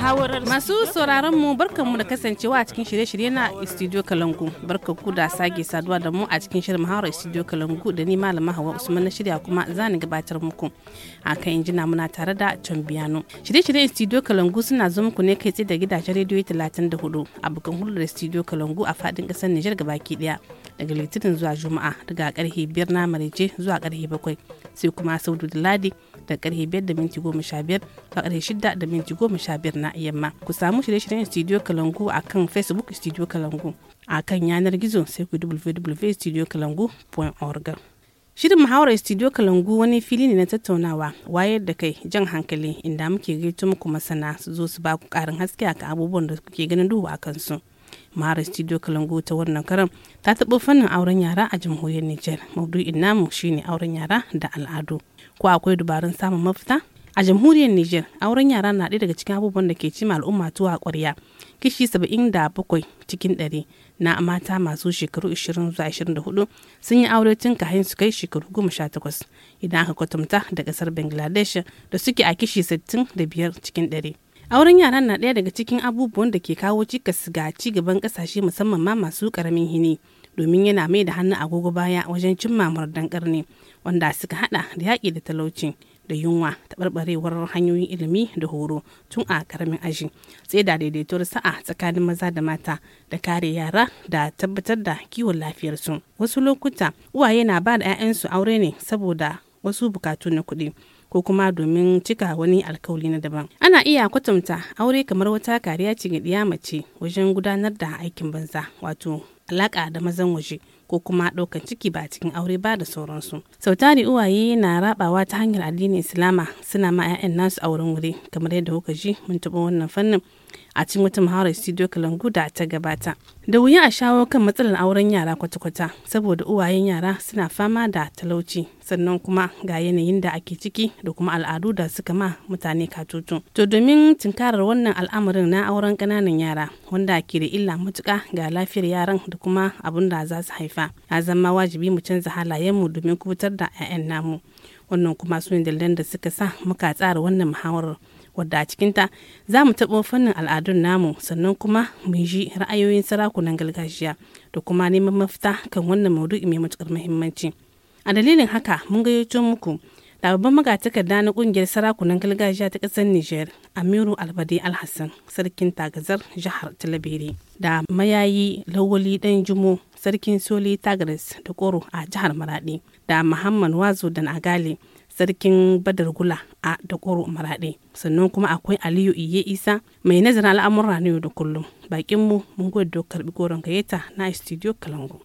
muhawarar masu sauraron mu barkan mu da kasancewa a cikin shirye-shirye na studio kalangu barkan ku da sage saduwa da mu a cikin shirin muhawarar studio kalangu da ni malama hawa usman na shirya kuma zani gabatar muku a kan injina muna tare da biyano shirye-shiryen studio kalangu suna zo muku ne kai tsaye da gidajen rediyo 34 a bukan da studio kalangu a faɗin ƙasar nijar gabaki ɗaya daga litinin zuwa juma'a daga karfe biyar na marece zuwa karfe bakwai sai kuma saudu da ladi da karfe 5 da minti 15 zuwa karfe 6 da minti 15 na yamma ku samu shirye-shiryen studio kalangu a kan facebook studio kalangu a kan yanar gizo sai ku www.studiokalangu.org Shirin muhawarar Studio Kalangu wani fili ne na tattaunawa wayar da kai jan hankali inda muke gaito muku masana su zo su ba ku karin haske a abubuwan da kuke ganin duhu a kansu. Mahara Studio Kalangu ta wannan karan ta taɓo fannin auren yara a jamhuriyar Nijar. Maudu'in namu shine auren yara da al'adu. ko akwai dabarun samun mafita a jamhuriyar niger auren yara na ɗaya daga cikin abubuwan da ke cima al'umma tuwa ƙwarya kishi 77 cikin ɗari na mata masu shekaru 20 zuwa 24 sun yi aure tun kahin su kai shekaru 18 idan aka kwatanta da ƙasar bangladesh da suke a kishi 65 cikin ɗari. auren yara na ɗaya daga cikin abubuwan da ke kawo cikas ga ci gaban ƙasashe musamman ma masu ƙaramin hini domin yana mai da hannu agogo baya wajen cimma murdan karni wanda suka hada da yaƙi da talauci da yunwa taɓarɓarewar hanyoyin ilimi da horo tun a karamin aji sai da daidaituwar sa'a tsakanin maza da mata da kare yara da tabbatar da kiwon lafiyarsu wasu lokuta uwaye na ba da 'ya'yansu aure ne saboda wasu bukatu na kuɗi ko kuma domin cika wani alkawali na daban ana iya kwatanta aure kamar wata kariya ce ga mace wajen gudanar da aikin banza wato alaka da mazan waje ko kuma ɗaukan ciki ba cikin aure ba da sauransu. sautari uwaye na rabawa ta hanyar addinin Islama suna ma 'ya'yan nasu auren wuri kamar yadda kuka ji mun taɓa wannan fannin a cikin wata muhawarar studio kalangu da ta gabata da wuya a shawo kan matsalar auren yara kwata-kwata saboda uwayen yara suna fama da talauci sannan kuma ga yanayin da ake ciki da kuma al'adu da suka ma mutane katutu to domin tunkarar wannan al'amarin na auren kananan yara wanda ke da illa matuka ga lafiyar yaran da kuma abin da za su haifa ya zama wajibi mu canza halayen mu domin kubutar da 'ya'yan namu wannan kuma su ne dalilan da suka sa muka tsara wannan muhawarar wadda a cikinta za mu taɓo fannin al'adun namu sannan kuma mu ji ra'ayoyin sarakunan gargajiya da kuma neman mafita kan wannan maudu'i mai matukar muhimmanci a dalilin haka mun gayyato muku da babban magatakarda na kungiyar sarakunan gargajiya ta ƙasar niger Amiru Albade Alhassan, sarkin tagazar jihar Talabere, da mayayi Lawali Dan Jumo, sarkin Soli Tagares da Koro a jihar Maradi, da Muhammad Wazo Dan Agale, sarkin badar gula a Koro maraɗe sannan kuma akwai aliyu iye isa mai nazarin al'amuran yau da kullum bakinmu mun gode da karbi goron gayyata na studio kalangu.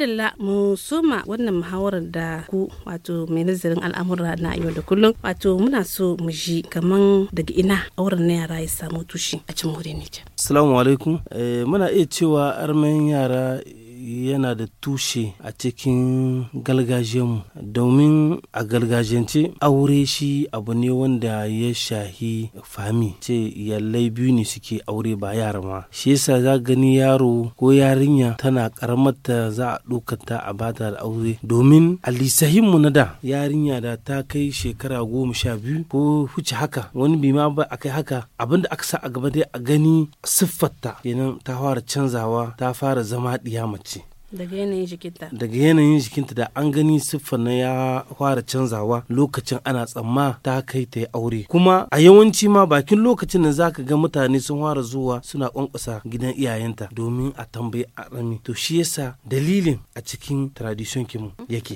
madalla mu soma wannan muhawarar da ku wato mai nazarin al'amura na yau da kullum wato muna so mu ji kaman daga ina auren na yara ya samu tushe a cikin wurin Nijar. Assalamu alaikum. Eh, muna iya cewa armen yara yana da tushe a cikin galgajiyarmu domin a galgajiyance aure shi abu ne wanda ya shahi fami ce yallai biyu ne suke aure ba yara ma shi yasa za gani yaro ko yarinya tana karamarta za a dokanta a bata da aure domin a lisahinmu na da yarinya da ta kai shekara goma sha biyu ko huce haka wani bima ba a kai haka abinda aka sa a gaba dai a gani siffarta kenan ta fara canzawa ta fara zama ɗiya mace daga yanayin jikinta daga yanayin jikinta da an gani siffar na ya fara canzawa lokacin ana tsamma ta kai ta yi aure kuma a yawanci ma bakin lokacin da zaka ga mutane sun fara zuwa suna kwankwasa gidan iyayenta domin a tambayi a rami to shi yasa dalilin a cikin tradition kimu yake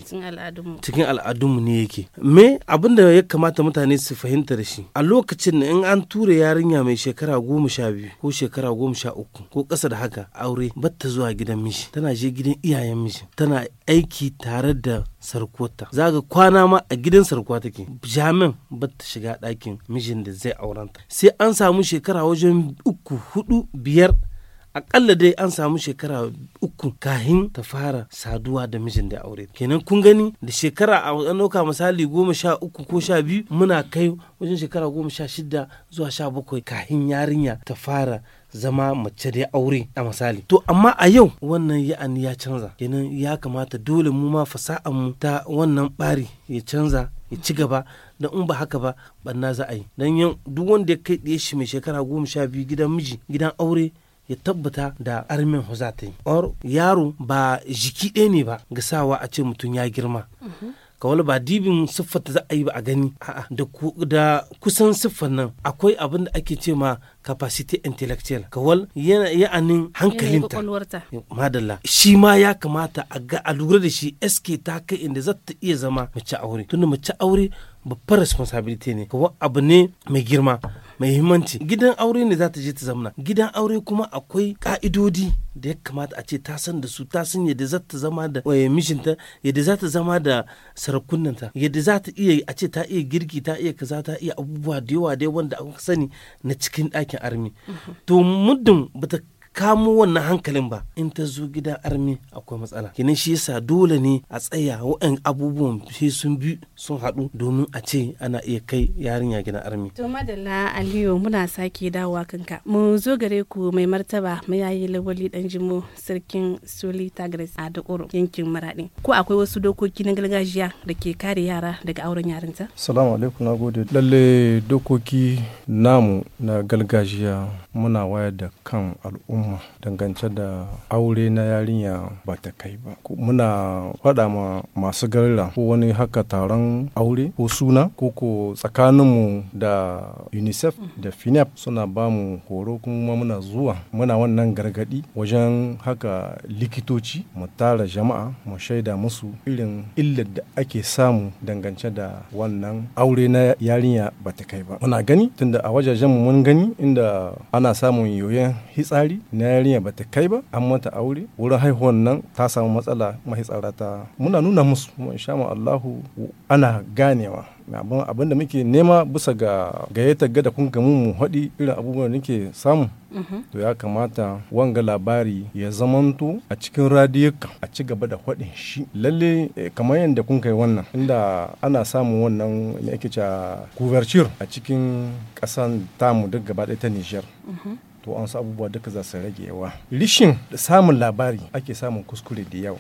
cikin al'adunmu ne yake me abin da ya kamata mutane su fahimta da shi a lokacin da in an tura yarinya mai shekara goma sha biyu ko shekara goma sha uku ko ƙasa da haka aure ta zuwa gidan mishi tana je gidan iyayen miji tana aiki tare da sarkota zaga kwana ma a gidan sarkuwa take jamin ba ta shiga ɗakin mijin da zai auranta sai an samu shekara wajen uku hudu biyar akalla dai an samu shekara uku kahin ta fara saduwa da mijin da aure kenan kun gani da shekara a ɗauka misali goma sha uku ko sha biyu muna kai wajen shekara goma sha shida zuwa sha bakwai kahin yarinya ta fara zama mace dai aure a misali to amma a yau wannan ya'ani ya canza kenan ya kamata dole mu ma fasa'an mu ta wannan bari ya canza ya ci gaba da in ba haka ba banna za a yi dan yau duk wanda ya kai ɗaya shi mai shekara goma sha biyu gidan miji gidan aure ya tabbata da armin huzata or yaro ba jiki ɗaya ne ba ga sawa a ce mutum ya girma mhm. kawal ba dibin siffar da za a yi ba a gani a'a da kusan siffar nan akwai abin da ake ce ma capacity intellectual kawal ya'anin hankalinta madalla shi ma ya kamata a ga a lura da shi sk ta kai inda za ta iya zama mace aure tunda mace aure babbar responsibility ne kawai abu ne mai girma mai himmanci gidan aure ne za ta je ta zamna gidan aure kuma akwai ka'idodi da ya kamata a ce ta san da su ta san yadda za ta zama da eh, mijinta yadda za ta zama da sarakunanta yadda za ta iya a ce ta iya girki ta iya kaza ta iya abubuwa da yawa dai wanda aka sani na cikin ɗakin armi mhm. to muddin bata kamo wannan hankalin ba in ta zo gida armi akwai matsala kenan shi yasa dole ne a tsaya wa'an abubuwan sai sun bi sun haɗu domin a ce ana iya kai yarinya gidan armi to madalla aliyu muna sake dawowa kanka mu zo gare ku mai martaba mayayi lawali dan jimo sarkin soli tagres a dakoro yankin maraɗi ko akwai wasu dokoki na gargajiya da ke kare yara daga auren yarinta salamu alaikum na gode lalle dokoki namu na gargajiya muna wayar da kan al'umma al'umma dangance da aure na yarinya ba ta kai ba muna faɗa ma masu garila ko wani haka taron aure ko suna ko ko tsakaninmu da unicef da finep suna ba mu horo kuma muna zuwa muna wannan gargaɗi wajen haka likitoci mu tara jama'a mu shaida musu irin illar da ake samu dangance da wannan aure na yarinya ba ta kai ba muna gani tunda a wajajen mun gani inda ana samun yoyon hitsari na yarinya ba ta kai ba an mata aure wurin haihuwan nan ta samu matsala tsara ta muna nuna musu kuma insha Allahu ana ganewa abin da muke nema bisa ga gayyatar gada kun gamu mu haɗi irin abubuwan da nake samu mm-hmm. to ya kamata wanga labari ya zamanto a cikin radiyuka a ci gaba da haɗin shi lalle eh, kamar yadda kun kai wannan inda ana samun wannan me ake cewa a cikin kasan tamu duk gaba ɗaya ta Nijar mm-hmm. to an su abubuwa duka za su rage yawa rishin samun labari ake samun kuskure da yawa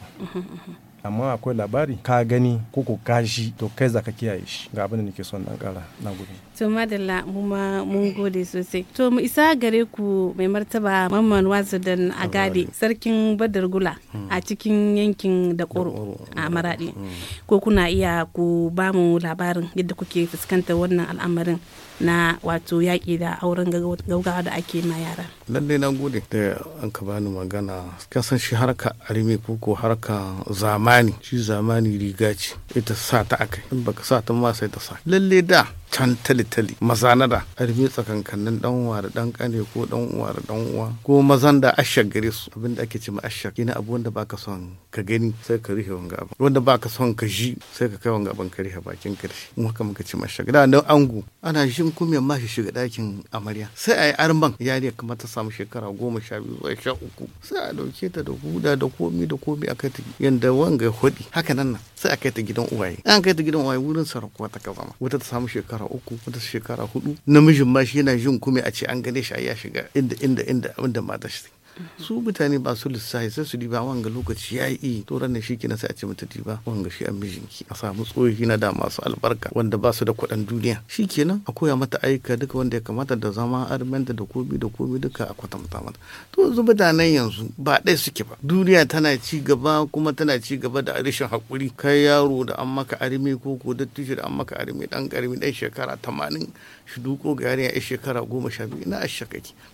amma akwai labari ka gani ko ko gashi to kai za ka kiyaye shi ga abin da nake son dan kara na gudu to madalla mu ma mun gode sosai to mu isa gare ku mai martaba mamman wasu dan agade sarkin badar gula hmm. a cikin yankin da koro a hmm. maradi hmm. ko kuna iya ku ba mu labarin yadda kuke fuskantar wannan al'amarin na wato yaƙi da auren gaugawa da ake ma yara. Lallai na gode da an ka bani magana kasan shi harka arme ko ko harka zamani shi zamani riga ce ita sa ta aka in baka sa ta ma sai ta sa. Lallai da can talitali tali maza na da arme tsakankanin dan uwa da dan kane ko dan uwa da dan uwa ko mazan da ashak gare su abin da ake ce ma ashak abu wanda baka son ka gani sai ka rihe wanga abin wanda baka son ka ji sai ka kai wanga abin ka rihe bakin karshe mu haka muka ce ma da an ango ana ji kashin kumyan ma shi shiga ɗakin amarya sai a yi arman yariya kamar ta samu shekara goma sha biyu zuwa sha uku sai a ɗauke ta da huda da komi da komi a kai ta yanda wanga hudi haka nan nan sai a kai ta gidan uwaye an kai ta gidan uwaye wurin sarakuwa ta kazama wata ta samu shekara uku wata shekara hudu namijin ma shi yana jin kumi a ce an gane shi a ya shiga inda inda inda inda mata shi su mutane ba su lissafi sai su diba wanga lokaci ya yi eh, to ranar shi kina sai a ce mata diba wanga shi an mijinki a samu tsohi na da masu albarka wanda ba su da kuɗin duniya shi kenan a koya mata aika duka wanda ya kamata da zama armenta da komi da komi duka a kwatanta mata to yanzu mutanen yanzu ba ɗaya suke ba duniya tana ci gaba kuma tana ci gaba da rashin haƙuri kai yaro da an maka arme ko ko da da an maka armi dan karmi dan shekara tamanin shi duko ga ya ya shekara goma sha biyu ina ashe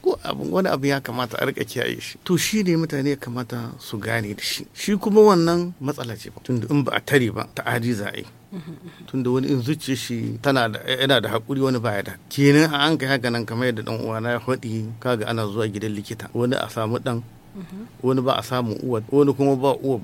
ko abin wani abu ya kamata a rika kiyaye shi to shi ne mutane ya kamata su gane da shi shi kuma wannan matsala ce ba tunda in ba a tare ba ta ajiza a tunda wani in zuci shi tana da yana da hakuri wani baya da kenan an kai haka nan kamar yadda dan uwana ya faɗi kaga ana zuwa gidan likita wani a samu dan wani ba a samu uwa wani kuma ba uwa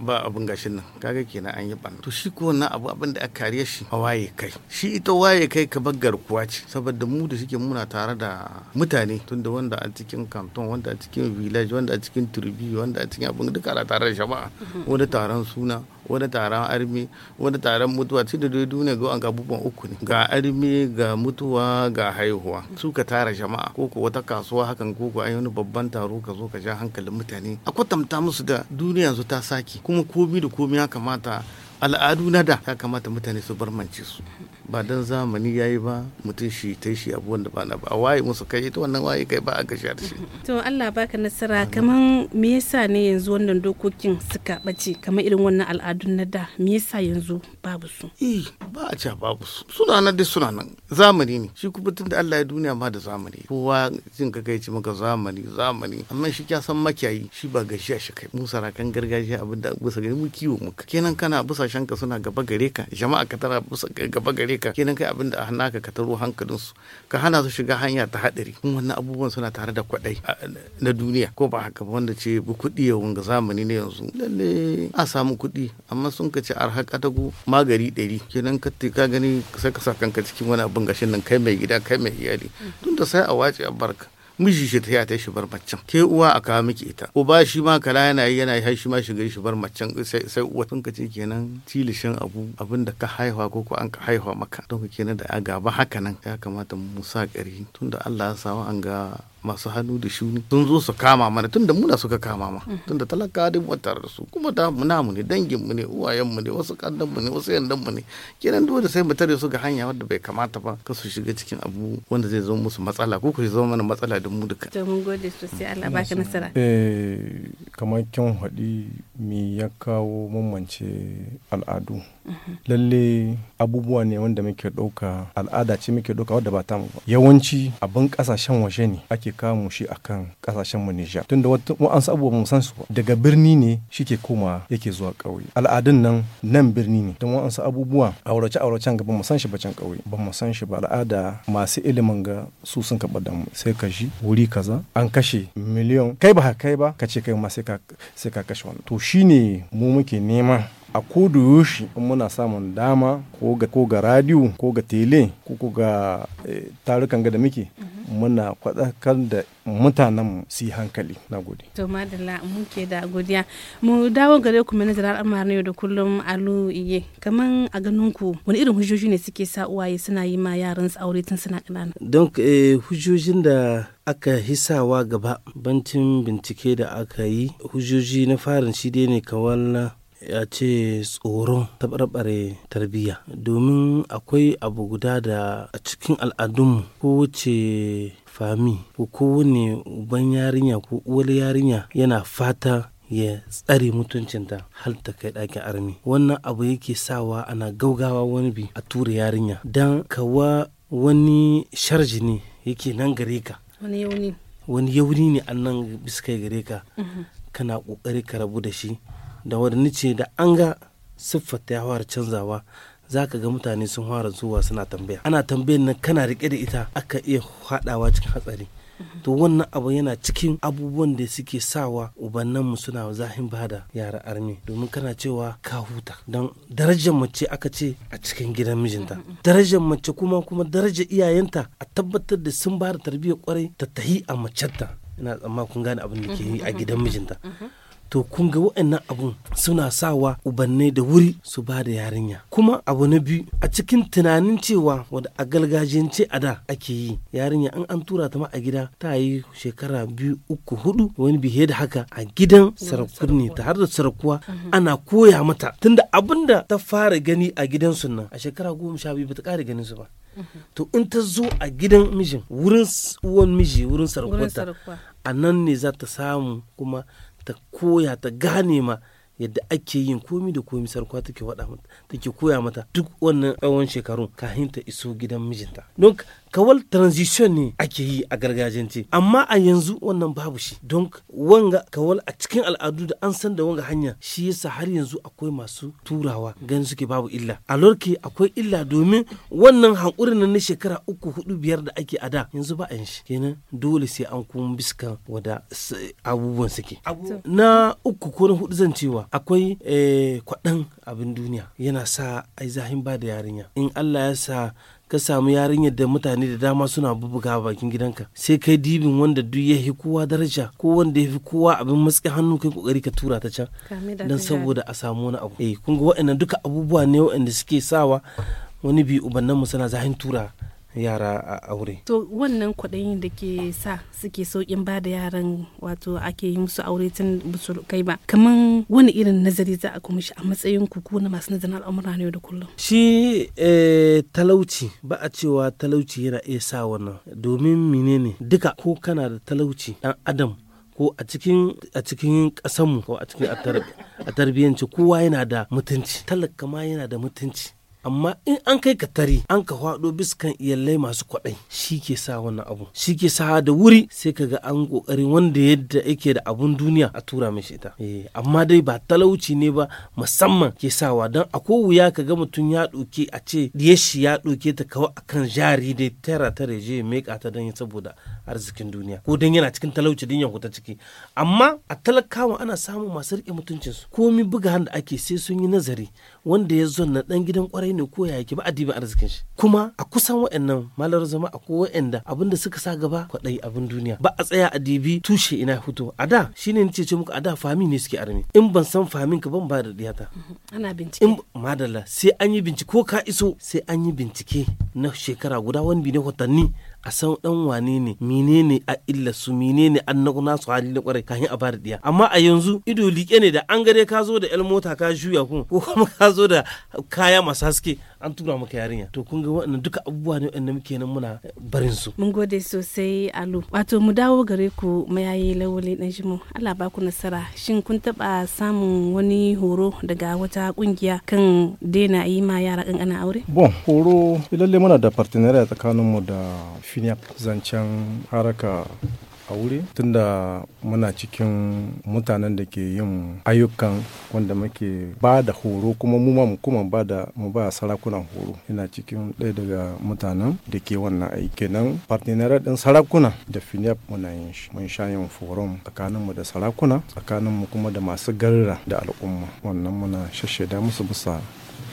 ba abin gashin nan kaga kenan an yi ban to shi ko wannan abu abin da aka kariye shi a waye kai shi ita waye kai ka bar garkuwa ce saboda mu da suke muna tare da mutane tunda wanda a cikin canton wanda a cikin village wanda a cikin turbi wanda a cikin abin duka tare da jama'a wani taron suna wani taron armi wani taron mutuwa ci da duniya ga an abubuwan uku ne ga armi ga mutuwa ga haihuwa suka tara jama'a ko ko wata kasuwa hakan ko ko an wani babban taro ka zo ka ja hankalin mutane a kwatanta musu da duniya yanzu ta sake kuma komi da komi ya kamata al'adu na da ya kamata mutane su bar barmance su ba don zamani yi ba mutum shi ta shi abubuwan da ba na ba waye musu kai ita wannan waye kai ba a gashi da shi to Allah baka nasara kaman me yasa ne yanzu wannan dokokin suka bace kamar irin wannan al'adun na da me yasa yanzu babu su eh ba a ce babu su suna nan da suna nan zamani ne shi kuma da Allah ya duniya ma da zamani kowa jin ka kai ci maka zamani zamani amma shi kya san makiyayi shi ba gashi shi kai mu sarakan gargajiya abinda da gari mu kiwo muka kenan kana busashen ka suna gaba gare ka jama'a ka tara gaba gare ka kenan kai abin da a naka ka taro hankalinsu ka hana su shiga hanya ta haɗari kuma wannan abubuwan suna tare da kwaɗai na duniya ko ba haka wanda ce bu kuɗi ya wanga zamani ne yanzu lalle a samu kuɗi amma sun ka ce arha katagu magari ɗari kenan ka ka gani sai ka sa kanka cikin wani abin gashin nan kai mai gida kai mai iyali tun da sai a wace a barka miji shi ta ta shi bar macen ke uwa a kawo miki ita uba shi ma kala yana yi yana yi shi ma shiga shi bar macen sai uwa tun ka ce kenan tilishin abu abin da ka haihuwa ko ko an ka haihuwa maka don ka kenan da ya gaba haka nan ya kamata mu sa tun tunda Allah ya samu an ga masu hannu da shuni sun zo su kama mana tunda muna suka kama ma mhm. tunda talaka mu tare da su kuma da muna mu ne dangin mu ne uwayen mu ne wasu kandan mu ne wasu yandan mu ne kenan dole sai mu tare su ga hanya wadda bai kamata ba ka su shiga cikin abu wanda zai zo musu matsala ko ku zama mana matsala da mu duka to mun gode sosai Allah baka nasara eh kamar kin haɗi me ya kawo mamance al'adu lalle abubuwa ne wanda muke ɗauka al'ada ce muke ɗauka wadda ba tamu ba yawanci abin ƙasashen waje ne ake kawo shi a kan ƙasashen mu Nijar tunda wa'ansu abubuwa mu san su daga birni ne shi ke koma yake zuwa ƙauye al'adun nan nan birni ne don wa'ansu abubuwa aurace auracen ga ba mu san shi can ƙauye ba mu san shi ba al'ada masu ilimin ga su sun kaɓa da mu sai ka shi wuri kaza an kashe miliyan kai ba kai ba ka ce kai ma sai ka kashe wannan to shine mu muke nema a koda yoshi in muna samun dama ko ga ko ga radio ko ga tele ko ga eh, tarukan ga da muke muna kwadakar da mutanen su hankali na gode. To madalla mun ke da godiya. Mu dawo gare ku manajar amma yau da kullum alu iye. Kaman a ganin ku wani irin hujjoji ne suke sa uwaye suna yi ma yaran su aure tun suna ƙanana. Don eh, hujjojin da aka hisawa gaba bantin bincike da aka yi hujjoji na farin shi dai ne kawal a ce tsoron tabarbare tarbiyya domin akwai abu guda da a cikin al'adunmu ko wuce fami ko kowane uban yarinya ko uwar yarinya yana fata ya tsare mutuncinta har ta kai ɗakin armi wannan abu yake sawa ana gaugawa wani bi a tura yarinya don kawa wani sharji ne yake nan gare ka wani yauni wani yauni ne annan bisa kai gare ka mhm. kana ƙoƙari ka rabu da shi da wadanni ce da an ga siffata ya fara canzawa za ka ga mutane sun fara zuwa suna tambaya ana tambayar nan kana rike da ita aka iya haɗawa cikin hatsari to wannan abu yana cikin abubuwan da suke sawa ubannanmu suna zahin bada yara armi domin kana cewa ka huta don darajar mace aka ce a cikin gidan mijinta darajar mace kuma kuma darajar iyayenta a tabbatar da sun bada tarbiyyar kwarai ta tahi a macenta ina tsamma gane abin da ke yi a gidan mijinta to kun ga wa'annan abun suna sawa ubanne da wuri su ba da yarinya kuma abu na biyu a cikin tunanin cewa wadda a galgajiyance a da ake yi yarinya an an tura ta ma a gida ta yi shekara biyu uku hudu wani bihe da haka a gidan sarakuni ta har da sarakuwa ana koya mata tunda abin da ta fara gani a gidan nan a shekara goma sha biyu bata kara ganin su ba to in ta zo a gidan mijin wurin uwan miji wurin sarakuwa a nan ne za ta samu kuma ta koya ta gane ma yadda ake yin komi da komi sarkwa take mata take koya mata duk wannan tsawon shekarun kahinta ta iso gidan mijinta don kawal transition ne ake yi a gargajiyance amma a yanzu wannan babu shi don wanga kawal a cikin al'adu da an san da wanga hanya shi yasa har yanzu akwai masu turawa gani suke babu illa a lorke akwai illa domin wannan hankuri na shekara uku hudu biyar da ake ada yanzu ba a shi kenan dole sai an kuma biskan wada abubuwan suke na uku ko na hudu zan cewa akwai eh, kwaɗan abin duniya yana sa ai zahin ba da yarinya in Allah ya sa ka samu yarinyar da mutane da dama suna bubuga bakin gidanka sai kai dibin wanda duk ya fi kowa daraja ko wanda ya fi kowa abin matsi hannu kai kokari ka tura ta can don saboda a samu wani abu eh kun ga waɗannan duka abubuwa ne waɗanda suke sawa wani bi ubannan mu suna zahin tura yara a aure. To wannan kwaɗayin da ke sa suke sauƙin ba da yaran wato ake yi musu aure tun busu kai ba. Kaman wani irin nazari za a kuma shi a matsayin ku ko na masu nazarin al'amura ne da kullum. Shi eh, talauci ba a cewa talauci yana iya sa wannan domin menene duka ko kana da talauci ɗan adam ko a cikin a cikin kasanmu ko a cikin a tarbiyyanci kowa yana da mutunci talaka ma yana da mutunci amma in an kai ka tare an ka hwado biskan iyalai masu kwaɗai shi ke sa wannan abu shi ke sa da wuri sai ka ga an ƙoƙari wanda yadda yake da abun duniya a tura mai ita eh, amma dai ba talauci ne ba musamman ke sawa don a ko wuya ka ga mutum ya ɗauke a ce shi ya ɗauke ta kawai akan jari dai tara ta reje ya meka ta don saboda arzikin duniya ko don yana cikin talauci din yanku ta ciki amma a talakawa ana samun masu riƙe mutuncinsu komi buga da ake sai sun yi nazari wanda ya zo na dan gidan kwarai ne ko yake ba adiba arzikin shi kuma a kusan wa'annan malar zama a ko wa'anda abinda suka sa gaba kwadai abin duniya ba a tsaya a dibi tushe ina fito a da shine nace ce muku a da fami ne suke armi in ban san famin ka ban ba da diyata mhm, ana bincike in madalla sai an yi bincike ko ka iso sai an yi bincike na shekara guda wani bi ne watanni a san dan wane ne menene a illa su menene annabu nasu hali na kwarai kahin a bar diya amma a yanzu ido liƙe ne da an gare ka zo da el mota ka juya kun ko kuma ka zo da kaya masu haske an tura maka yarinya to kun ga waɗannan duka abubuwa ne waɗanda muke nan muna barin su mun gode sosai alu wato mu dawo gare ku mayayi lawali dan jimo Allah ba ku nasara shin kun taba samun wani horo daga wata kungiya kan daina yi ma yara kankana aure bon horo lalle muna da partenariat tsakaninmu da finiap zancen haraka aure tunda muna cikin mutanen da ke yin ayyukan wanda muke ba da horo kuma mu ma kuma ba da mu ba sarakunan horo ina cikin ɗaya daga mutanen da ke wannan aiki kenan partner din sarakuna da finap muna yin shi mun sha yin forum tsakanin mu da sarakuna tsakanin mu kuma da masu garra da al'umma wannan muna shashshada musu bisa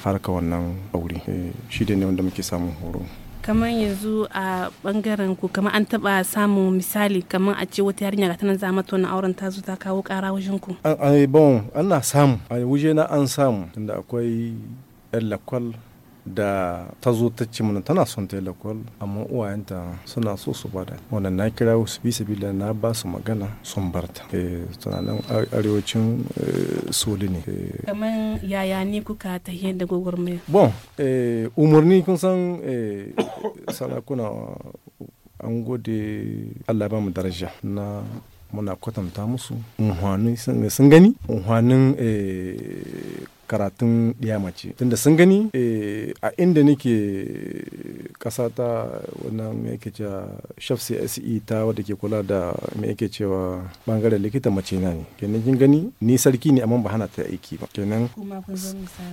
harka wannan aure eh, shi ne wanda muke samun horo kamar yanzu a bangaren ku kamar an taba samun misali kamar a ce wata yarinya ga tanan zama tona auren ta zo ta kawo kara wajen ku ai bon ana samu a wuje na an samu tunda akwai yan lakwal da ta zo ta ci mana tana son ta lakwal amma uwayenta suna so su bada wannan na kira wasu bisa bila na ba su magana sun barta eh, tunanin arewacin eh, soli ne eh, kamar yaya ne kuka ta da mai bon umarni kun san sarakuna an gode allah ba mu daraja na muna kwatanta musu mhm. unhwanin sun gani unhwanin eh, karatun mace tunda sun gani eh, a inda nake kasa eh, ta wannan yake cewa chef CSE ta wadda ke kula da mai yake cewa bangaren likita mace na ne kenan kin gani ni sarki ne amma ba hana ta aiki ba kenan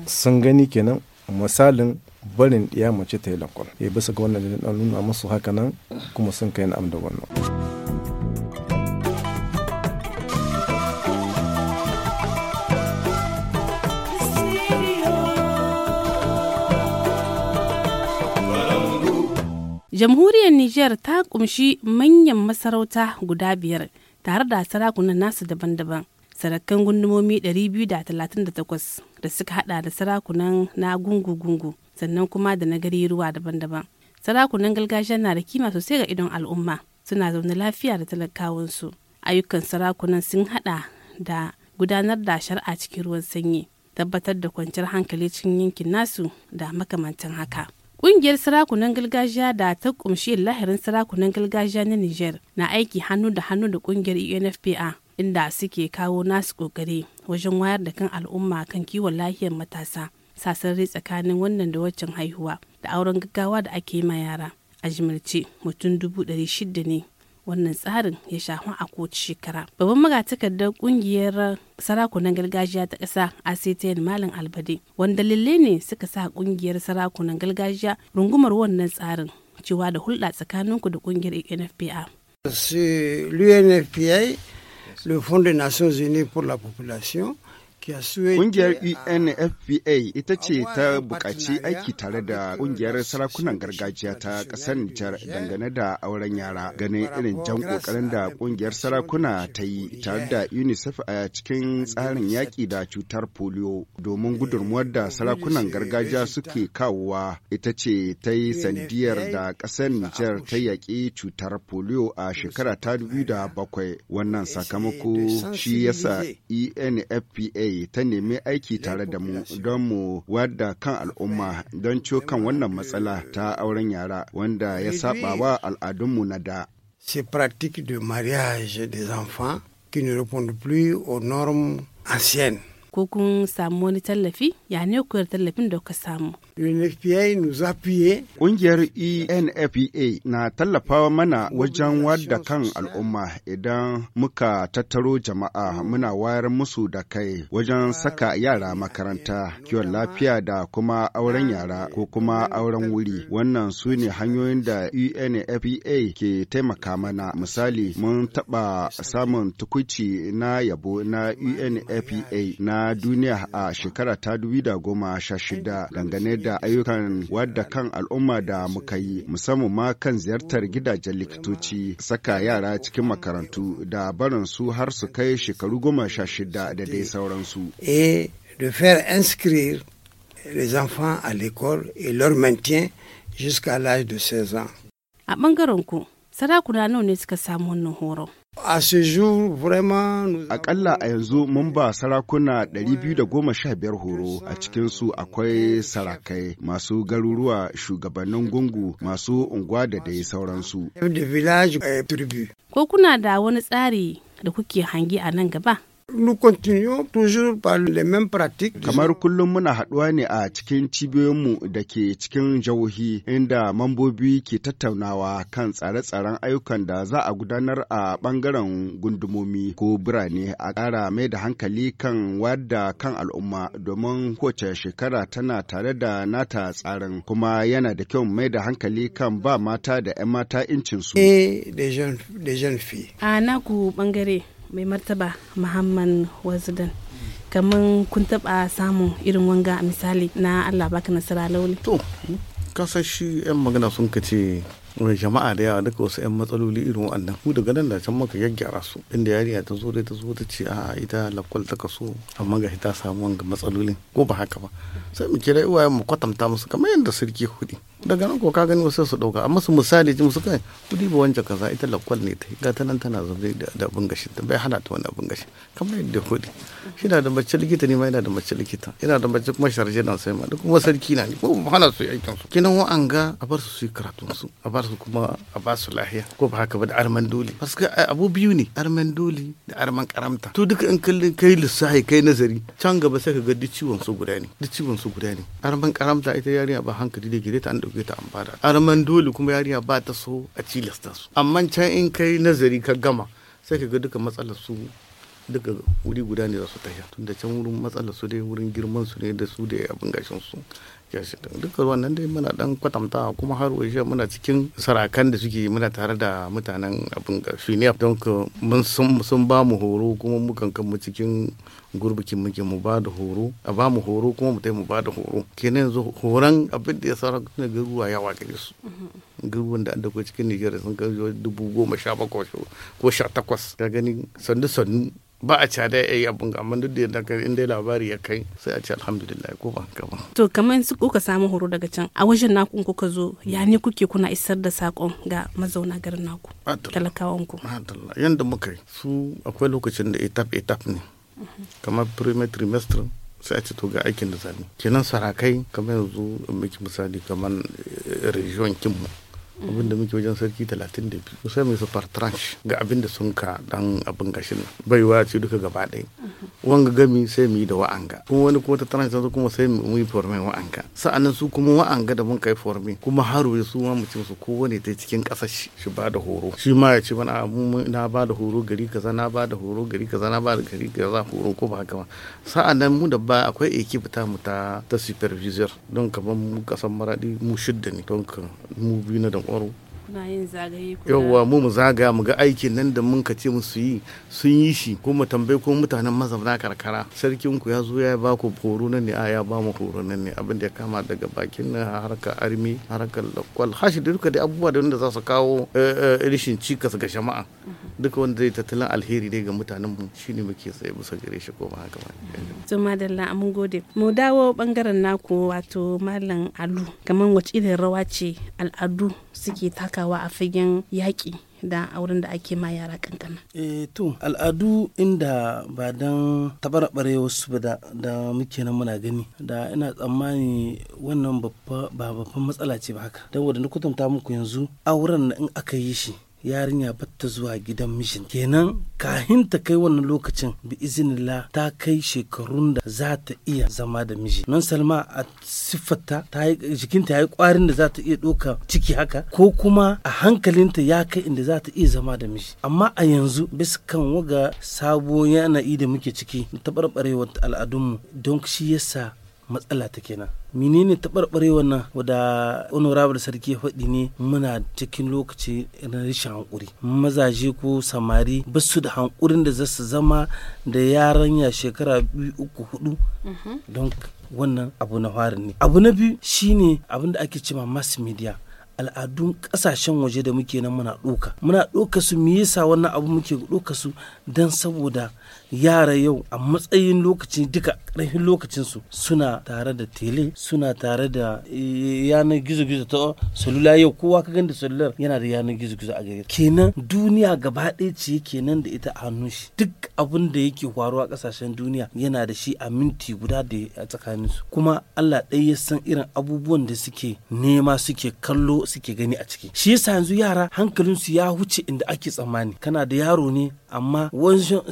sun gani kenan misalin barin mace ta yi lakwal ya bisa ga wannan da nuna musu haka nan kuma sun kai na amda wannan jamhuriyar niger ta kumshi manyan masarauta guda biyar tare da sarakunan nasu daban-daban sarakan gundumomi 238 da suka hada da sarakunan na gungu-gungu sannan kuma da na gari ruwa daban-daban sarakunan gargajiya na da kima sosai ga idon al'umma suna zaune lafiya da talakawansu ayyukan sarakunan sun hada da gudanar da shari'a cikin ruwan sanyi tabbatar da kwanciyar hankali cikin yankin nasu da makamantan haka Ƙungiyar sarakunan gargajiya da ta ƙumshi lahirin sarakunan gargajiya na Nijar na aiki hannu da hannu da ƙungiyar UNFPA e inda suke kawo nasu ƙoƙari wajen wayar da kan al'umma kan kiwon lahiyar matasa sasarri tsakanin wannan da waccan haihuwa da auren gaggawa da ake ma yara. A jimilce mutum dubu ɗari shida ne wannan tsarin ya shafi a kowace shekara babban magatakardar kungiyar sarakunan gargajiya ta ƙasa actn malam albade wanda lalle ne suka sa kungiyar sarakunan gargajiya rungumar wannan tsarin cewa da hulɗa tsakanin tsakaninku da kungiyar unfpa l'UNFPA, le Fonds des Nations Unies pour la Population, Ƙungiyar ah, ENFPA ita ce ta buƙaci aiki tare da ƙungiyar sarakunan gargajiya ta ƙasar Nijar dangane da auren yara ganin irin jan ƙoƙarin da ƙungiyar sarakuna ta yi tare da UNICEF a cikin tsarin yaƙi da cutar polio domin eh, gudunmuwar da sarakunan gargajiya suke kawowa ita ce ta yi sandiyar da ƙasar Nijar ta yaƙi cutar polio a shekara ta 2007 wannan sakamako shi yasa ENFPA kai ta nemi aiki tare da mu don mu wada kan al'umma don cokan wannan matsala ta auren yara wanda ya saba wa al'adunmu na da. pratique de mariage des enfants qui ne répondent plus aux normes anciennes ko kun samu wani tallafi ya ne koyar tallafin da kuka samu UNFPA Nuzafiye. Ƙungiyar ENFPA na tallafa mana wajen wadda kan al'umma idan muka tattaro jama'a muna wayar musu da kai wajen saka yara makaranta, kiwon lafiya da kuma auren yara ko kuma auren wuri. Wannan su ne hanyoyin da UNFPA ke taimaka mana. Misali, mun taɓa samun tukuci na yabo na UNFPA na na duniya a shekara ta shida dangane da ayyukan wadda kan al'umma da muka yi musamman ma kan ziyartar gidajen likitoci saka yara cikin makarantu da barin su har su kai shekaru goma sha shida da dai sauransu. Et faire les enfants à A ɓangaren ku, sarakuna nawa ne suka samu wannan horon? A Akalla a yanzu mun ba sarakuna 215 horo a cikinsu akwai sarakai masu garuruwa shugabannin gungu masu unguwa da dai sauransu. Ko kuna da wani tsari da kuke hangi a nan gaba? nous continuons toujours par les mêmes pratiques. Kamar kullum muna haɗuwa ne a cikin cibiyoyinmu da ke cikin jihohi inda mambobi ke tattaunawa kan tsare-tsaren ayyukan da za a gudanar a ɓangaren gundumomi ko birane a ƙara mai da hankali kan wadda kan al'umma domin kowace shekara tana tare da nata tsarin kuma yana da kyau mai da hankali kan ba mata da 'yan mata incinsu. Eh, da jan fi. na ku ɓangare mai martaba muhammad wazidan kamar kun taba samun irin wanga a misali na allah baka nasara lauli to kasan yan magana sun ka ce wani jama'a da yawa duka wasu 'yan matsaloli irin wannan mu daga nan da can maka gyaggyara su inda yariya ta zo dai ta zo ta ce a ita lakwal ta kaso amma ga ta samu wanga matsalolin ko ba haka ba sai mu kira iwayen mu kwatanta musu kamar yadda sirki hudi daga nan ko ka gani wasu su dauka amma su misali jin su kai kudi ba wancan kaza ita lakwal ne ta ga ta nan tana zaune da abin gashi ta bai hana ta wani abin gashi kamar yadda kudi shi na da mace likita ne ma yana da mace likita yana da mace kuma sharje na sai ma duk kuma sarki na ne ko ba hana su aikin su kinan an ga a bar su su yi karatun su a bar su kuma a ba su lahiya ko ba haka ba da arman doli paske eh, abu biyu ne arman doli da arman karamta to duka in kallon kai lissahi kai nazari can gaba sai ka ga duk ciwon su guda ne duk ciwon su guda ne arman karamta ita yarinya ba hankali da gidanta an gobe ta amfana dole kuma yarinya ba ta so a cilasta su amma can in kai nazari ka gama sai ka ga duka matsalar su duka wuri guda ne za su tafiya tun da can wurin matsalar su dai wurin girman su ne da su da abin gashin su dukkan wannan dai muna dan kwatamtawa kuma har waje muna cikin sarakan da suke muna tare da mutanen abin ƙarfi ne don mun sun ba mu horo kuma mukan kan mu cikin gurbukin muke mu ba da horo a ba mu horo kuma mu mu ba da horo kenan yanzu horon abin da ya sarakuna garuwa yawa gare su garuwan da an dako cikin nigeria sun kai dubu goma sha bakwai ko sha takwas ka gani sannu sannu. ba a cada yayi abin ga amma duk da yadda in dai labari ya kai sai a ce alhamdulillah ko ba haka ba to kamar su kuka samu horo daga can a wajen naku kuka zo ya ne kuke kuna isar da sakon ga mazauna garin naku talakawan ku yanda muka yi su akwai lokacin da etap etap ne kamar premier trimester sai a ce to ga aikin da zamu kenan sarakai kamar yanzu miki misali kamar eh, region kinmu abin da muke wajen sarki 32 kusan mai sufar tranche ga abin da sun ka dan abin gashin baiwa ce duka gaba ɗaya wanga gami sai mu yi da wa'anga kuma wani kuma ta tranche kuma sai mu yi formin wa'anga sa'annan su kuma wa'anga da mun kai formin kuma haro su ma mutum su kowane ta cikin ƙasar shi shi ba da horo shi ma ya ce mana ah, na ba da horo gari kaza na ba da horo gari kaza na ba da gari kaza horo ko ba haka ba sa'annan mu da ba akwai ekip ta mu ta supervisor don kamar mu kasan maradi mu shidda ne don mu biyu na kwaro yauwa mu mu zagaya mu ga aikin nan da mun ka ce musu yi sun yi shi ko mu tambayi ko mutanen mazauna karkara sarkin ku ya zo ya ba ku horo nan ne a ya ba mu horo nan ne abin da ya kama daga bakin nan armi haraka lakwal hashi duka da abubuwa da wanda za su kawo eh, eh, rishin cikas ga jama'a mm-hmm. duka wanda zai tattalin alheri ne ga mutanen mu shine muke sai bisa gare shi ko ba haka ba to madalla mun gode mu dawo bangaren naku wato mallam alu kaman wace irin rawa ce al'adu suke takawa a fagen yaƙi da auren da ake ma yara kankana. E to al'adu inda ba dan tabarabare wasu ba da, da muke nan muna gani da ina tsammani wannan ba babban matsala ce ba haka. Saboda na kwatanta muku yanzu auren in aka yi shi yarinya bata zuwa gidan mijin kenan kahin ta kai wannan lokacin bi izinilla ta kai shekarun da za ta iya zama da miji nan salma a siffata ta yi jikinta ya yi kwarin da za ta iya ɗauka ciki haka ko kuma a hankalinta ya kai inda za ta iya zama da miji amma a yanzu bisa kan waga sabo yanayi da muke ciki na taɓarɓarewar al'adunmu don shi yasa matsala ta kenan menene taɓarɓarewar wannan da honorable sarki faɗi ne muna cikin lokaci na rashin hankuri mazaje ko samari ba su da hankurin da za su zama da yaranya shekara biyu uku hudu mhm. don wannan abu na fari ne abu na biyu shine abin da ake cewa mass media al'adun kasashen waje da muke nan muna ɗoka muna ɗoka su me yasa wannan abu muke ɗoka su don saboda yara yau a matsayin lokaci duka ƙarfin lokacinsu suna tare da tele suna tare da eh, yanar gizo-gizo ta salula yau kowa ka da salular yana da yanar gizo-gizo a gare kenan duniya gaba ɗaya ce kenan da ita a hannun shi duk abin da yake faruwa ƙasashen duniya yana da shi a minti guda da a tsakaninsu kuma Allah ɗaya ya san irin abubuwan da suke nema suke kallo suke gani a ciki shi yasa yanzu yara hankalinsu ya wuce inda ake tsammani kana da yaro ne amma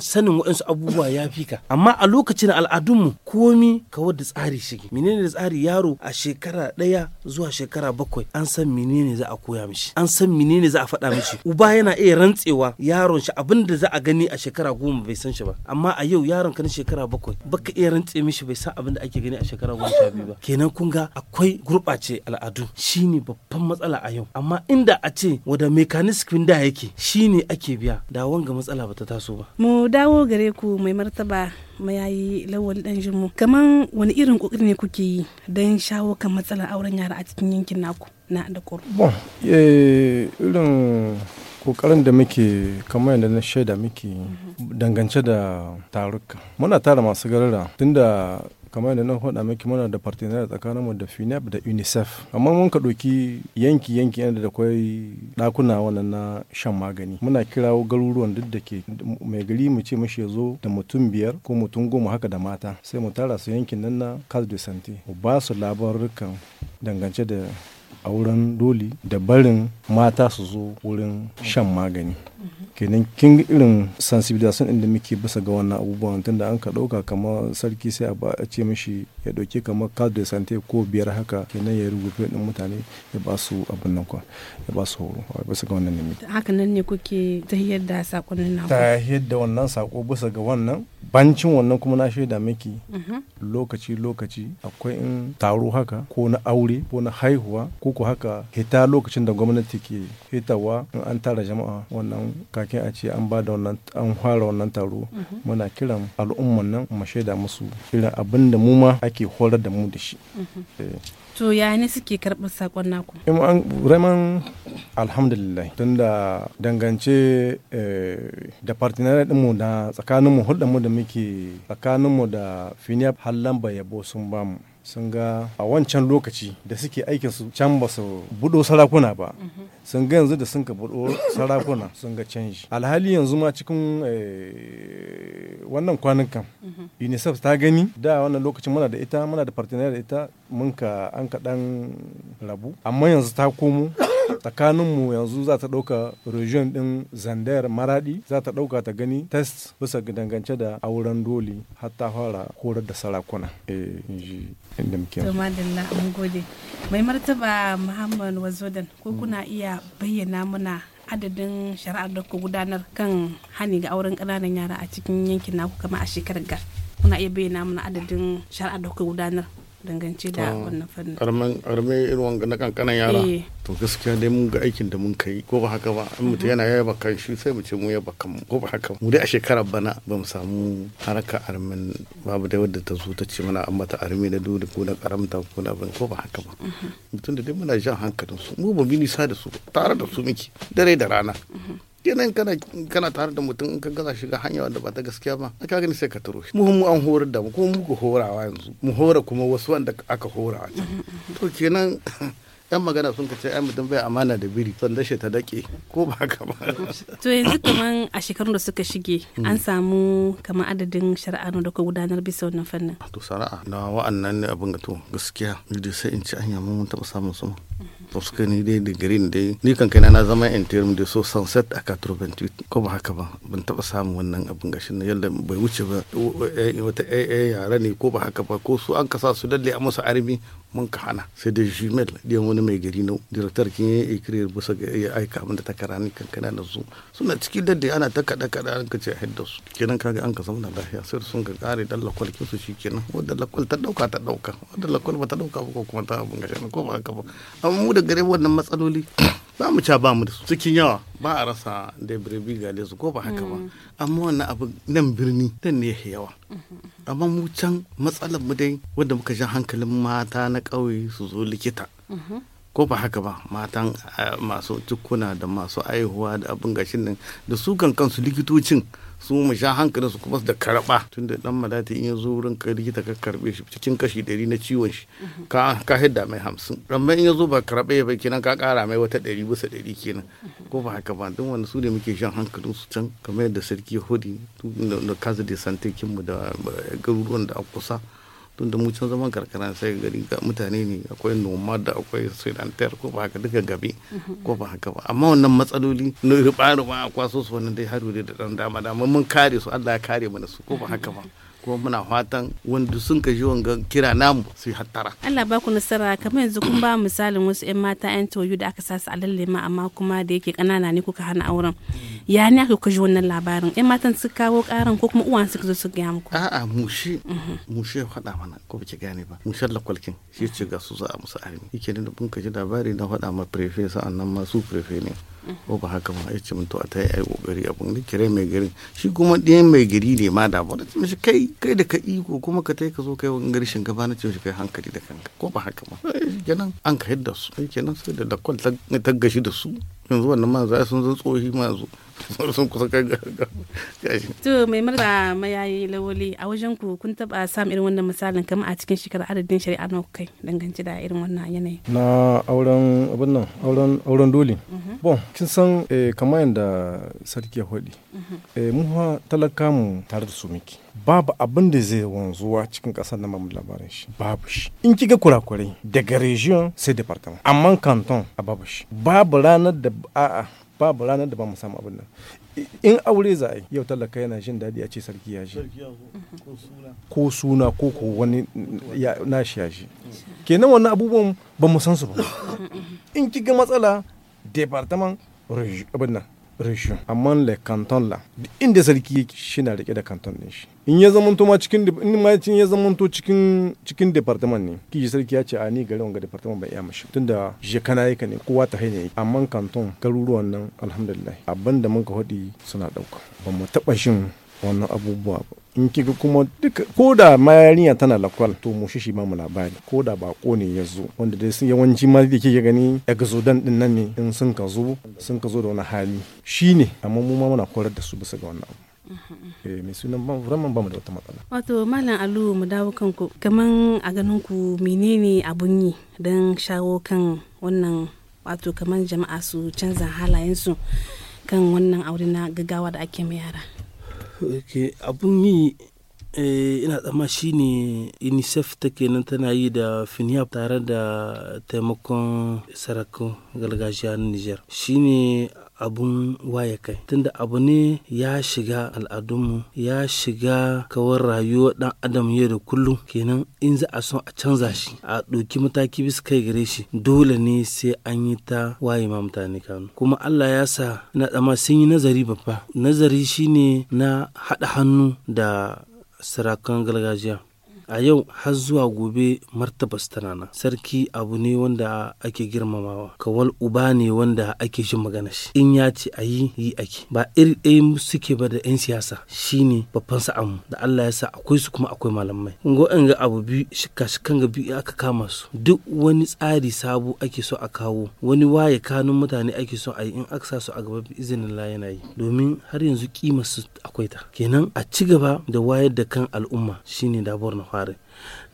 sanin waɗansu abubuwa ya fi ka amma a lokacin al'adunmu komi kawar da tsari shige menene da tsari yaro a shekara ɗaya zuwa shekara bakwai an san menene za a koya mishi an san menene za a faɗa mishi uba yana iya rantsewa yaron shi abin da za a gani a shekara goma bai san shi ba amma a yau yaron ka na shekara bakwai baka iya rantse mishi bai san abin da ake gani a shekara goma sha biyu ba kenan kun ga akwai gurɓace al'adu shine babban matsala a yau amma inda a ce wada mekanis da yake shine ake biya da wanga matsala bata taso ba mu dawo gare ku mai martaba mayayi lawal dan jimu kaman wani irin kokari ne kuke yi don shawo kan matsalar auren yara a cikin yankin naku na da koro bon eh, irin kokarin da muke kamar yadda na shaida muke mhm. dangance da taruka muna tara masu garura tunda kamar da na faɗa miki muna da partenariat tsakanin mu da FINEP da UNICEF amma mun ka ɗauki yanki yanki yana da akwai ɗakuna wannan na shan magani muna kirawo garuruwan duk da ke mai gari mu ce mashi ya zo da mutum biyar ko mutum goma haka da mata sai mu tara su yankin nan na Cas de Santé mu ba su labarukan dangance da auren doli da barin mata su zo wurin shan magani kenan kin irin sensibilisation inda da muke bisa ga wannan abubuwan tunda an ka dauka kamar sarki sai a ce mishi ya dauke kamar card de santé ko biyar haka kenan ya rubuta din mutane ya ba su abin nan kwa ya ba su horo bisa ga wannan ne haka nan ne kuke ta yadda sakonnin naku ta yadda wannan sako bisa ga wannan bancin wannan kuma na shaida miki mm-hmm. lokaci lokaci akwai in taro haka ko na aure ko na haihuwa ko ko haka hita lokacin da gwamnati ke hitawa in an tara jama'a wannan kakin a ce an ba da wannan an fara wannan taro mhm. muna kiran al'umman nan mu shaida musu irin abin da mu ma ake horar da mu da shi mhm. eh. to ya ne suke karɓar sakon naku an reman alhamdulillah tun eh, da dangance da partner mu na hulɗa mu da muke tsakaninmu da finiyar hallan bayabo sun bamu sun ga a wancan lokaci da suke aikin su can ba su budo sarakuna ba sun ga yanzu da sun ka budo sarakuna sun ga canji alhali yanzu ma cikin eh, wannan kwanukan unicef ta gani da wannan lokacin muna da ita muna da partner da ita mun ka an kaɗan rabu amma yanzu ta komo tsakaninmu yanzu za ta ɗauka region ɗin zandayar maradi za ta ɗauka ta gani test bisa dangance da auren doli har ta fara horar da sarakuna eh, inda muke to madalla mun gode mai martaba muhammad wazodan ko mm. kuna iya bayyana mana adadin shari'ar da ku gudanar kan hani ga auren ƙananan yara a cikin yankin naku kama a shekarar ga kuna iya bayyana mana adadin shari'ar da ku gudanar dangance da wannan fannin arme irin na kankanan yara eh. to gaskiya dai mun ga aikin da mun kai ko ba haka ba in mutum mhm. yana yaba kan shi sai mu ce mu yaba kan ko ba haka mu dai a shekarar bana ba mu samu haraka armen babu dai wadda ta zo ta ce mana an mata arme na dole ko na karamta ko na ban ko ba haka ba mhm. mutum da dai muna jan hankalin su mu ba mini nisa da su tare da su miki dare da rana mhm. kenan kana kana tare da mutum in ka gaza shiga hanya wanda ba ta gaskiya ba aka gani sai ka taro shi mu an horar da mu kuma muku horawa yanzu mu hora kuma wasu wanda aka hora to kenan yan magana sun kace ai mutum bai amana da biri sanda shi ta dake ko ba ka ba to yanzu kaman a shekarun da suka shige hmm. an samu kaman adadin shari'a da ka gudanar bisa wannan fannin to sana'a na wa'annan ne abin ga to gaskiya ni sai in ci anya mun taba samun su parce que ni dai digirin dai ni kan kaina na zama interim da so sunset a 88 ko ba haka ba ban taba samun wannan abin gashin na yalla bai wuce ba eh, eh, wata AA eh, yara ne ko ba haka ba ko su an kasa su dalle a musu arimi mun ka hana sai da jumel diyan wani mai gari na director kin ya ikiriyar busa ga ya aika min da takara ni kankana na zo suna cikin dadde ana ta kada kada an kace hidda su kenan kaga an ka zauna lafiya sai sun ga kare dalla lakwal kin su shikenan wanda lakwal ta dauka ta dauka wanda lakwal ba ta dauka ba ko kuma ta abin gashin ko ba haka ba amma mu da gare wannan matsaloli ba mu ca ba mu da su cikin yawa ba a rasa da birbi gale su ko ba haka ba mm. amma wannan abu nan birni dan ne yawa amma mu can matsalar mu dai wanda muka sha hankalin mata na ƙauye su zo likita mm-hmm. ko ba haka ba matan eh, masu tukuna da masu aihuwa da abin gashin nan da su kan kansu likitocin su mu sha hankalinsu kuma su da karɓa tun da dan malati in ya zo wurin ka likita ka karɓe shi cikin kashi ɗari na ciwon shi ka hidda mai hamsin ramban in ya zo ba karɓe ba kenan ka ƙara mai wata ɗari bisa ɗari kenan ko ba haka ba don wani su ne muke shan su can kamar yadda sarki hudi da kaza da santekinmu da garuruwan da a kusa tun da mucin can zaman karkara sai gari ga mutane ne akwai noma da akwai sedantar ko ba haka duka gabe ko ba haka ba amma wannan matsaloli na riba riba a kwaso su wannan dai da dan dama dama mun kare su Allah ya kare mana su ko ba haka ba kuma muna fatan wanda sun ka ji wanga kira namu su yi hattara. Allah ba ku nasara kamar yanzu kun ba misalin wasu 'yan mata 'yan toyo da aka sasu a lallema amma kuma da yake kanana ne kuka hana auren. ya ne aka kaji wannan labarin yan matan su kawo karan ko kuma uwan suka zo su gaya muku a'a mushi mushi mhm. ya faɗa mana ko ba ki gane ba mushi lakwalkin shi ce ga su za a musu armi yake da mun kaji labari na faɗa ma prefe sa'annan ma su prefe ne ko ba haka ba yace mun to a ta ai kokari abun ne kire mai gari shi kuma ɗiyan mai gari ne ma da ba da mishi kai kai da ka iko kuma ka tai ka zo kai wani gari shinkafa na ce mishi kai hankali da kanka ko ba haka ba kenan an ka yadda su kenan sai da dakwal taggashi da su yanzu wannan ma za sun zo tsohi ma zo sun kusa kai gashi. To mai marka mayayi lawali a wajen ku kun taba sam irin wannan misalin kamar a cikin shekarar adadin shari'a na kai dangance da irin wannan yanayi. Na auren abin nan auren auren dole. Mhm. Bon kin san eh, kamar yadda sarki ya faɗi mhm. eh, mun talaka mu tare da su miki babu abin da zai wanzuwa cikin ƙasar na mamu labarin shi babu shi in kiga kurakurai daga region sai department amma canton a babu shi babu ranar da a'a babu ranar da ba mu samu abin nan in aure za a yi yau talaka yana jin daɗi a ce sarki ya ji ko suna ko ko wani nashi ya ji kenan wani abubuwan ba mu san su ba in kiga matsala département euh, abin nan region amma le canton la inda sarki yake shi na rike da canton din shi in ya to ma cikin in ma cikin ya to cikin cikin department ne kiji sarki ya ce a ni garin ga department bai iya mashi tunda je kana yake ne kowa ta haine yake amma canton garuruwan nan alhamdulillah abin da mun ka hodi suna dauka ban mu taba shin wannan abubuwa ba in kiga kuma duka ko da ma tana lakwal to mu shi ma mu labari ko da bako ne ya zo wanda dai sun yawanci ma da kike gani exodan din nan ne in sun ka zo sun ka zo da wani hali shine amma mu ma muna korar da su bisa ga wannan abu eh, mai sunan ban vraiment ba mu da wata matsala wato malam alu mu dawo kanku kaman a ganin ku menene abun yi dan shawo kan wannan wato kaman jama'a su canza halayensu kan wannan aure na gaggawa da ake mayara. yara Okay. abun yi eh, ina tsama shi ne unicef ta kenan tana yi da finiap tare da taimakon sarakun gargajiya na niger shi ne abun waye kai tunda abu ne ya shiga al'adunmu ya shiga kawar rayuwar dan adam yau da kullum kenan in za a son a canza shi a ɗauki mataki bisa kai gare shi dole ne sai an yi ta waye ma mutane kanu kuma Allah ya sa na dama sun yi nazari babba nazari shine na haɗa hannu da sarakan gargajiya a yau har zuwa gobe martabas tana nan sarki abu ne wanda ake girmamawa kawal uba ne wanda ake shi magana shi in ya ce a yi yi ake ba iri ɗaya suke ba da yan siyasa shine babban sa'amu da Allah ya sa akwai su kuma akwai malamai kun an ga abu biyu shika shikan ga biyu aka kama su duk wani tsari sabo ake so a kawo wani waye kanun mutane ake so a yi in aka sa su a gaba izinin la yana yi domin har yanzu kimar su akwai ta kenan a ci gaba da wayar da kan al'umma shine dabor na fara பாரு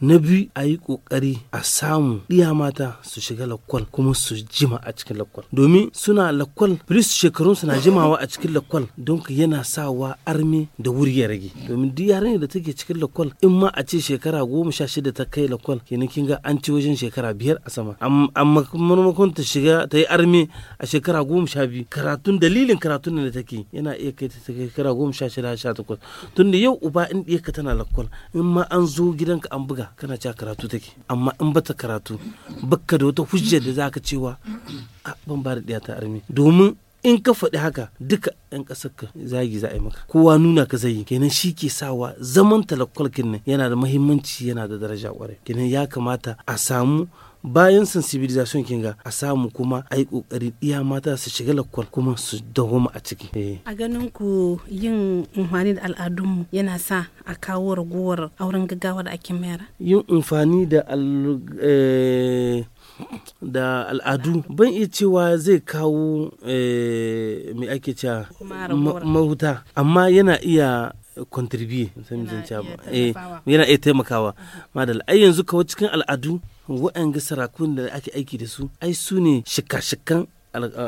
na biyu a yi ƙoƙari a samu iya mata su shiga lakwal kuma su jima a cikin lakwal domin suna lakwal filis shekarun suna jimawa a cikin lakwal don yana sawa arme da wuri ya rage domin duk yaran da take cikin lakwal in ma a ce shekara goma sha shida ta kai lakwal kenan kin ga an ci wajen shekara biyar a sama amma maimakon ta shiga ta yi arme a shekara goma sha biyu karatun dalilin karatun da take yana iya kai ta shekara goma sha shida sha takwas tunda yau uba in ɗiyarka tana lakwal in ma an zo gidanka an buga kana cewa karatu take amma in bata karatu baka da wata hujjar da zaka cewa a ah, ban ba da ɗaya ta armi domin in ka faɗi haka duka 'yan ƙasar ka zagi za a yi maka kowa nuna ka zai yi. kenan shi ke sawa zaman talakwalkin nan yana da mahimmanci yana da daraja kwarai kenan ya kamata a samu bayan sensibilisation kin ga a samu kuma a yi kokari iya mata su shiga lakwal kuma su dawoma a ciki eh. a ganin ku yin amfani da al'adunmu yana sa a kawo ragowar auren gaggawa da ake mayar yin amfani da eh, da al'adu ban iya cewa zai kawo eh, mai ake cewa mahuta amma yana iya contribute sai eh yana iya taimakawa madal ai yanzu kawo cikin al'adu waɗanda sarakun da ake aiki da su ai su ne shika-shikan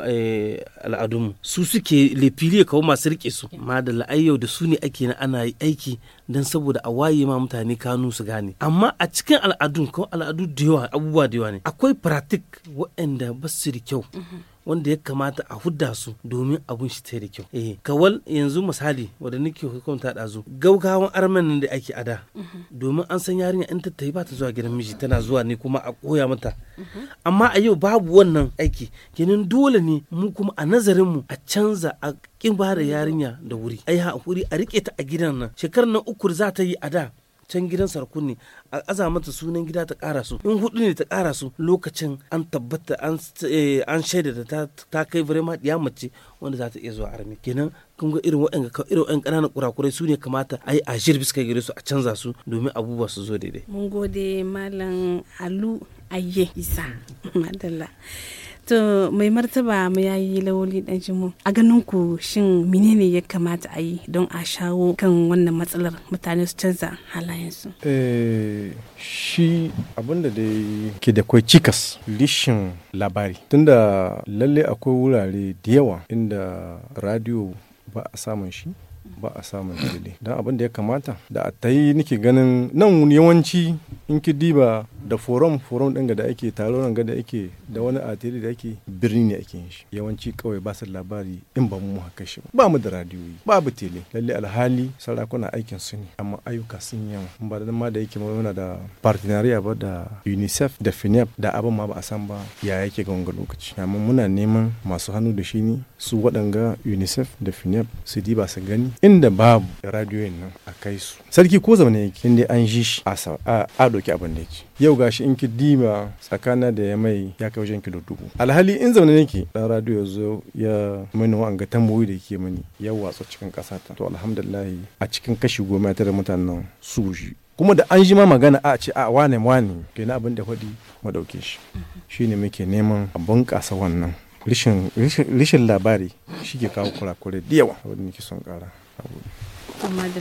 eh, al'adunmu su suke lefiliya kawo masu rike su madal ai yau da su ne ake na ana aiki don saboda a waye ma mutane kanu su gane amma a cikin al'adun kawo al'adu da yawa abubuwa da yawa ne akwai pratik waɗanda ba su da kyau mhm. wanda ya kamata a hudda su domin abun shi tai da kyau eh kawal yanzu misali wanda nake hukunta zu gaugawan armanin da ake ada domin an san yarinya in ta tayi ba ta zuwa gidan miji tana zuwa ne kuma a koya mata amma a yau babu wannan aiki ginin dole ne mu kuma a nazarin mu a canza a kin ba da yarinya da wuri ai hakuri a rike ta a gidan nan shekarar nan uku za ta yi a da can gidan sarkun ne a aza mata sunan gida ta kara su in hudu ne ta kara su lokacin an tabbata an eh, shaida da ta kai birema diya mace wanda za ta iya zuwa armi kenan kun ga irin ka irin wa'in kananan kurakurai su ne kamata a yi ajiyar shirbi suka gare su a canza su domin abubuwa su zo daidai. mun gode malam alu ayye isa madalla To mai martaba mu yayi lauli dan jimu. A ganin ku shin menene ya kamata a yi don a shawo kan wannan matsalar mutane su canza halayensu? Eh, shi abinda da ke da kwai cikas lishin labari. Tunda lalle akwai wurare da yawa inda radio ba a samun shi ba a samun shi don abin da ya kamata da a ta yi nake ganin nan yawanci in ki diba da forum forum ɗin da ake taron ga da ake da wani atiri da ake birni ne ake yin shi yawanci kawai ba su labari in ba mu haka shi ba mu da radiyoyi babu tele lalle alhali sarakuna aikin su ne amma ayyuka sun yawa ba da ma da yake muna da partenariya ba da UNICEF da FINEP da abin ma ba a san ba ya yake ga wani lokaci amma muna neman masu hannu da shi ne su waɗanga UNICEF da FINEP su ba su gani inda babu radiyoyin nan a kai su sarki ko zamane yake inda an ji shi a ɗauki abin da yake yau gashi in ki diba tsakanin da ya mai ya kai wajen kilo dubu alhali in zaune nake dan radio ya zo ya mini ga tambayoyi da yake mini ya watsa cikin kasa ta to alhamdulillah a cikin kashi goma tare mutanen su shi kuma da an ji ma magana a ce a wane wane kenan abin da faɗi mu ɗauke shi shine muke neman a bunƙasa wannan rishin labari shi ke kawo kurakurai da yawa wadda da son ƙara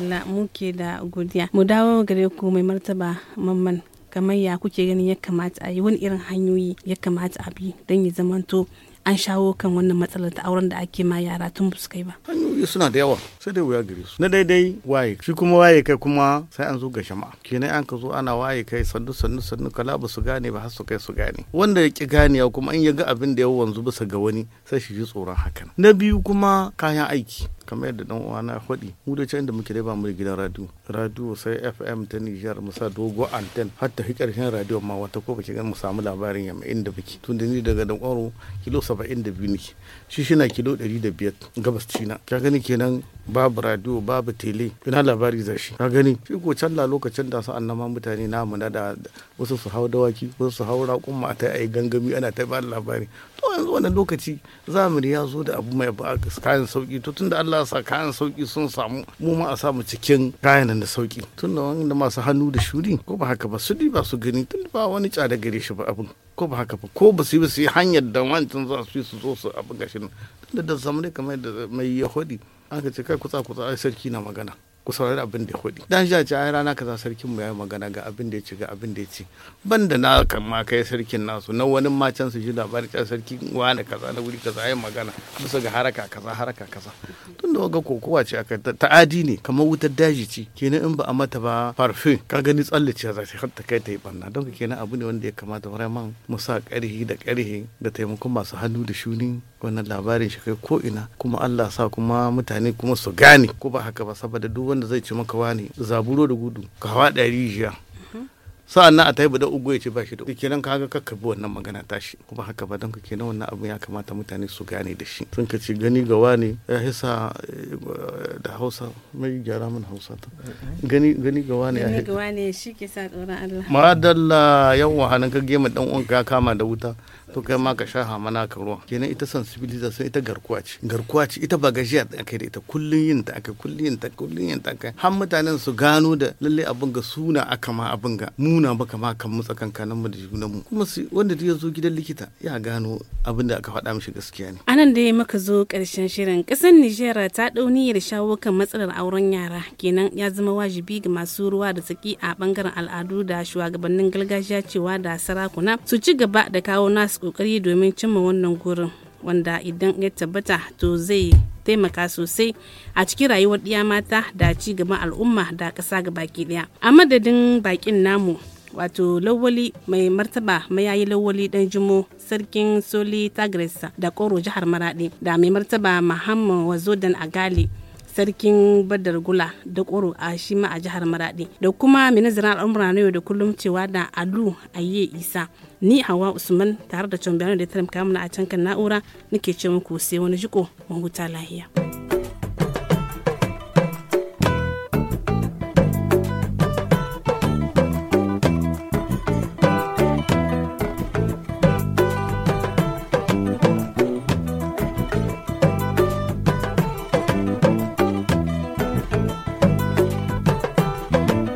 da muke da godiya mu dawo gare ku mai martaba mamman kamar ya kuke ganin ya kamata a yi wani irin hanyoyi ya kamata a bi don ya zamanto an shawo kan wannan matsalar ta auren da ake ma yara tun ba ba. Hanyoyi suna da yawa sai dai wuya gare su. Na daidai waye shi kuma waye kai kuma sai an zo ga shama'a. Kenan an ka zo ana waye kai sannu sannu sannu kala ba su gane ba har su kai su gane. Wanda ya ki gane kuma in ya ga abin da ya wanzu bisa ga wani sai shi ji tsoron hakan. Na biyu kuma kayan aiki. kamar yadda dan uwa na faɗi mu da can da muke dai ba mu da gidan radio radio sai fm ta nijar mu sa dogo anten har ta karshen radio ma wata ko baki gan mu samu labarin yamma inda baki tun da ni daga dan kwaro kilo 72 ne shi shi na kilo 105 gabas cina ka gani kenan babu radio babu tele ina labari za shi ka gani shi ko can la lokacin da su annama mutane namu na da wasu su hau dawaki wasu su hau raƙun a ta gangami ana ta ba labari to yanzu wannan lokaci zamani ya zo da abu mai ba kayan sauki to tunda Allah sa kayan sauki sun samu mu ma a samu cikin kayan da sauki tunda wanda masu hannu da shuri ko ba haka ba su ba su gani tunda ba wani tsada gare shi ba abin ko ba haka ba ko ba su yi hanyar da wancan za su yi su zo su abin gashin tunda da zamani kamar da mai yahudi aka ce kai kutsa kutsa ai sarki na magana ku saurari abin da ya hudi dan jaji ai rana kaza sarkin mu yayi magana ga abin da ya ci ga abin da ya ci banda na kan ma kai sarkin nasu na wani ma can su ji labarin can sarkin wani kaza na wuri kaza yi magana bisa ga haraka kaza haraka kaza tun da ga kokowa ce aka ta'adi ne kamar wutar daji ce kenan in ba a mata ba farfe ka gani tsallace za ta har ta kai ta yi barna don kenan abu ne wanda ya kamata vraiment mu sa da ƙarhi da taimakon masu hannu da shuni wannan labarin shi kai ko ina kuma Allah sa kuma mutane kuma su gane ko ba haka ba saboda duk da zai ce maka wani zaburo da gudu ka hawa ɗari jiya sa'an nan a ta yi da ugu ya ce ba shi da kenan ka ga kakka bi wannan magana tashi kuma haka ba don ka kenan wannan abin ya kamata mutane su gane da shi sun ka ce gani ga wani ya hisa eh, da hausa mai gyara mun hausa ta gani gani ga wani ya hisa shi ke sa tsoron Allah madalla yan hannun ka gema dan uwan ka kama da wuta to kai ma ka sha mana ka ruwa kenan ita sensibilization ita garkuwa ce garkuwa ce ita ba gajiya da aka da ita kullun yin ta aka kullun yin ta kullun yin ta aka har mutanen su gano da lalle abin ga suna aka ma abin ga muna baka ma kan mu tsakankanin mu da junan mu kuma su wanda ya zo gidan likita ya gano abin da aka faɗa mishi gaskiya ne anan da ya maka zo karshen shirin ƙasar Nijera ta ɗau da shawo kan matsalar auren yara kenan ya zama wajibi ga masu ruwa da tsaki a bangaren al'adu da shugabannin gargajiya cewa da sarakuna su ci gaba da kawo nasu su kokari domin cimma wannan gurin wanda idan ya tabbata to zai taimaka sosai a cikin rayuwar ɗiya mata da ci gaban al'umma da ƙasa ga baki ɗaya a madadin bakin namu wato lawali mai martaba mayayi lawali dan jimo sarkin soli Tagres, da koro jihar maradi da mai martaba muhammad wazodan agali sarkin badar gula da koro a shi ma a jihar maradi da kuma ministan al'amura na yau da kullum cewa da alu aye isa ni hawa usman tare da can da ya taimaka mana a can kan na'ura nake ce muku sai wani jiko huta lahiya.